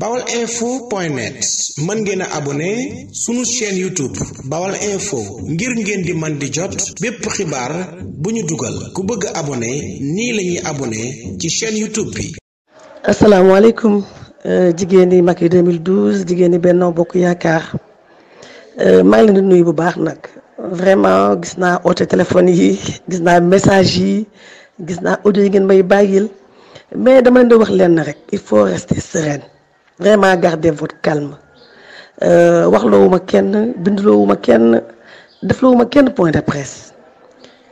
bawal info point net mën ngeen a abonné sunu chaîne youtube bawal info ngir ngeen di man di jot bépp xibaar bu ñu dugal ku bëgg abonné nii lañuy ñuy abonné ci chaîne youtube bi. asalaamaaleykum euh, mag yi Macky 2012 jigéen yi Benno Bokk Yaakaar euh, maa ngi leen di nuyu bu baax nag vraiment gis naa oote téléphone yi gis naa message yi gis naa audio yi ngeen may bàyyil mais dama leen di wax lenn rek il faut rester sereine. vraiment gardez votre calme euh, wax loowuma kenn bindloowuma kenn defloowuma kenn point de presse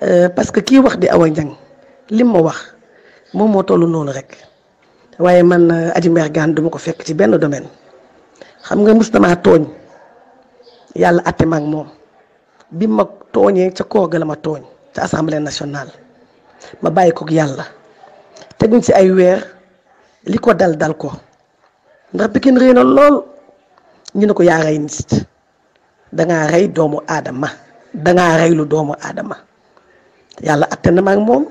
euh, parce que kii wax di Awa Niang lim ma wax moom moo toll noonu rek waaye man euh, Adji Mergane duma ko fekk ci benn domaine xam nga mus damaa tooñ yàlla atte ma ak moom bi ma tooñee ca koor ga la ma tooñ ca assemblée nationale ma bàyyi kook yàlla teguñ si ay weer li ko dal dal ko ndax Pikine rëy na lool ñu ne ko yaa rey nit dangaa rey doomu aadama dangaa rey lu doomu aadama yàlla atte na ma ak moom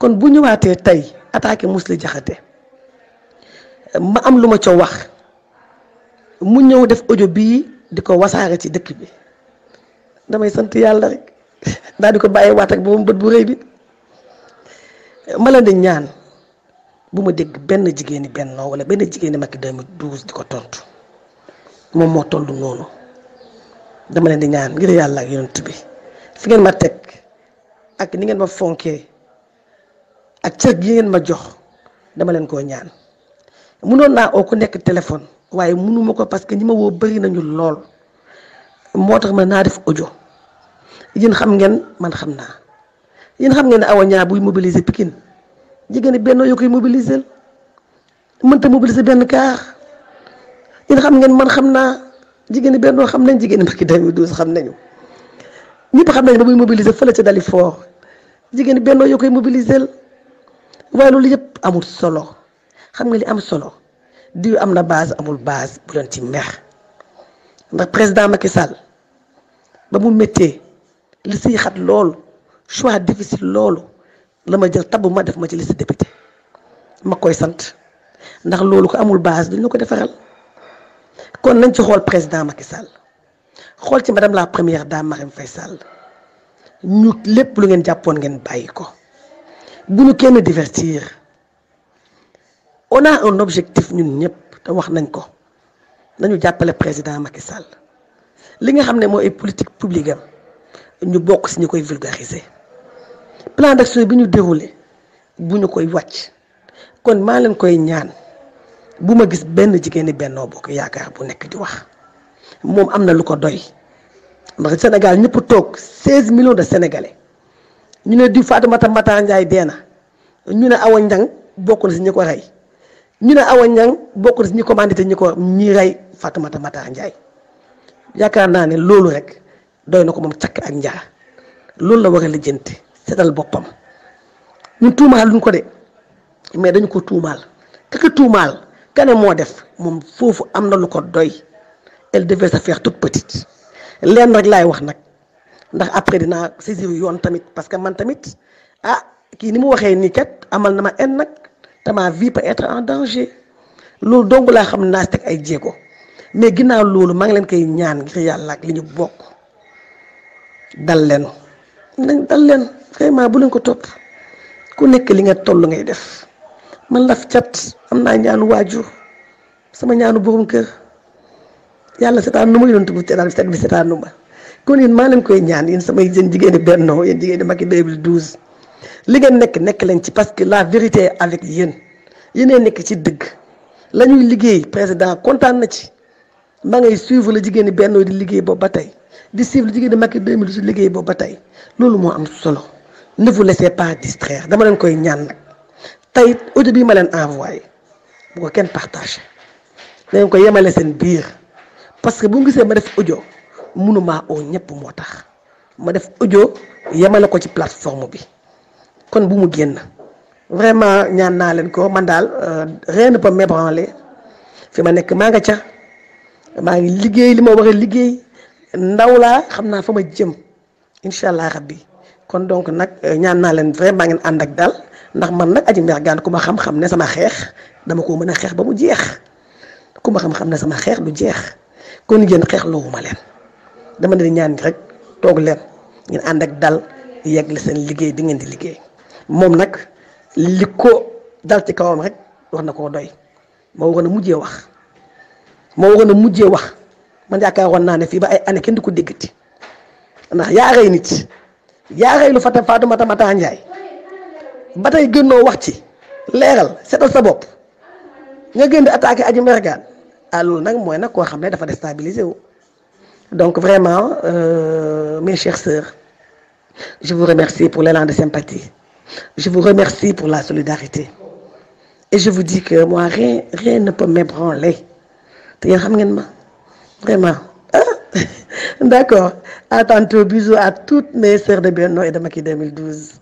kon bu ñëwaatee tey attaqué Mously Diakhaté ma am lu ma ca wax mu ñëw def audio bii di ko wasaare ci dëkk bi damay sant yàlla rek daal di ko bàyyi waat ak boobu bët bu réy bi ma leen di ñaan bu ma dégg benn jigéeni Benno wala benn jigéeni Macky 2012 di ko tontu moom moo toll noonu dama leen di ñaan ngir yàlla ak yonent bi fi ngeen ma teg ak ni ngeen ma fonkee ak cër gi ngeen ma jox dama leen koo ñaan mënoon naa oo ku nekk téléphone waaye mënuma ko parce que ñi ma woo bëri nañu lool moo tax ma naa def audio yéen xam ngeen man xam naa yéen xam ngeen ne Awa ñaar buy mobiliser Pikine jigéen benn yoo koy mobiliser mënta mobiliser benn kaar yéen xam ngeen man xam naa jigéen benn xam nañ jigéen Macky 2012 xam nañu ñëpp xam nañ ba muy mobiliser fële ca Dalifort jigéen benn yoo koy mobiliser waaye loolu yëpp amul solo xam nga li am solo di am na base amul baas bu leen ci meex ndax président Macky sal ba mu méttee li siy xat loolu choix difficile loolu. la ma jël tabb ma def ma ci liste député ma koy sant ndax loolu ko amul base duñu ko defaral kon nañ ci xool président Macky Sall xool ci madame la première dame Marème fay Sall ñu lépp lu ngeen jàppoon ngeen bàyyi ko bu ñu kenn divertir on a un objectif ñun ñëpp te wax nañ ko nañu jàppale président Macky Sall li nga xam ne moo ay politique publique am ñu bokk si ñu koy vulgariser. plan d'action bi ñu déroulé bu ñu koy wàcc kon maa leen koy ñaan bu ma gis benn jigéen ñi Benno Bokk Yaakaar bu nekk di wax moom am na lu ko doy ndax Sénégal ñëpp toog 16 millions de sénégalais ñu ne di Fatoumata Mbata Ndiaye dee na ñu ne Awa Niang bokk na si ñi ko rey ñu ne Awa Niang bokk na si ñi commandité ñi ko ñi rey Fatoumata Mbata Ndiaye yaakaar naa ne loolu rek doy na ko moom cakk ak njaar loolu la war a lijjanti setal boppam ñu tuumaal luñ ko de mais dañu ko tuumaal kaka tuumaal kane moo def moom foofu am na lu ko doy elle devait sa faire toute petite leen rek laay wax nag ndax après dinaa saisir yoon tamit parce que man tamit ah kii ni mu waxee nii kat amal na ma en nag te ma vie peut être en danger loolu dong laa xam naa teg ay jéego mais ginnaaw loolu maa ngi leen koy ñaan ngir yàlla ak li ñu bokk dal leen nañ dal leen. vraiment bu leen ko topp ku nekk li nga toll ngay def man laf cat am naa ñaanu waajur sama ñaanu borom kër yàlla seetaan nu ma yonent bu seetaan seet bi seetaan nu ma kon yéen maa leen koy ñaan yéen samay yéen jigéen ñi Benno yéen jigéen ñi Macky 2012 li ngeen nekk nekk leen ci parce que la vérité avec yéen yéenay nekk ci dëgg la ñuy liggéey président kontaan na ci maa ngay suivre la jigéen ñi Benno di liggéey boobu ba tey di suivre la jigéen ñi Macky 2012 liggéey boobu ba tey loolu moo am solo. ne vous laissez pas distraire dama leen koy ñaan nag tey audio bi ma leen envoyé bu kenn partagé da ngeen ko yemale seen biir parce que bu mu gisee ma def ojo mënumaa oo ñëpp moo tax ma def ojo yemale ko ci plateforme bi kon bu mu génn vraiment ñaan naa leen ko man daal euh, rien ne peut m'ébranler fi ma nekk maa nga ca maa ngi liggéey li ma war a liggéey ndaw laa xam naa fa ma jëm incha allah rabbi kon donc nag euh, ñaan naa leen vraiment ngeen ànd ak dal ndax man nag aji Mbergane Gane ku ma xam-xam ne sama xeex dama koo mën a xeex ba mu jeex ku ma xam-xam ne sama xeex du jeex kon yéen xeex loowuma leen dama leen ñaan rek toog leen ngeen ànd ak dal yegg seen liggéey di ngeen di liggéey moom nag li ko dal ci kawam rek wax na koo doy moo waroon a mujjee wax moo waroon a mujjee wax man yaakaaroon naa ne fii ba ay année kenn du ko déggati ndax yaa rey nit. yaa xëy lu fate Fatoumata Matar Ndiaye ba tey gënnoo wax ci leeral setal sa bopp nga gën di attaqué Adji Mergane ah nag mooy nag koo xam ne dafa déstabilisé wu donc vraiment euh, mes chères sœurs je vous remercie pour l'élan de sympathie je vous remercie pour la solidarité et je vous dis que moi rien rien ne peut m'ébranler te yéen xam ngeen ma D'accord. À tantôt. Bisous à toutes mes sœurs de Bienno et de Maki 2012.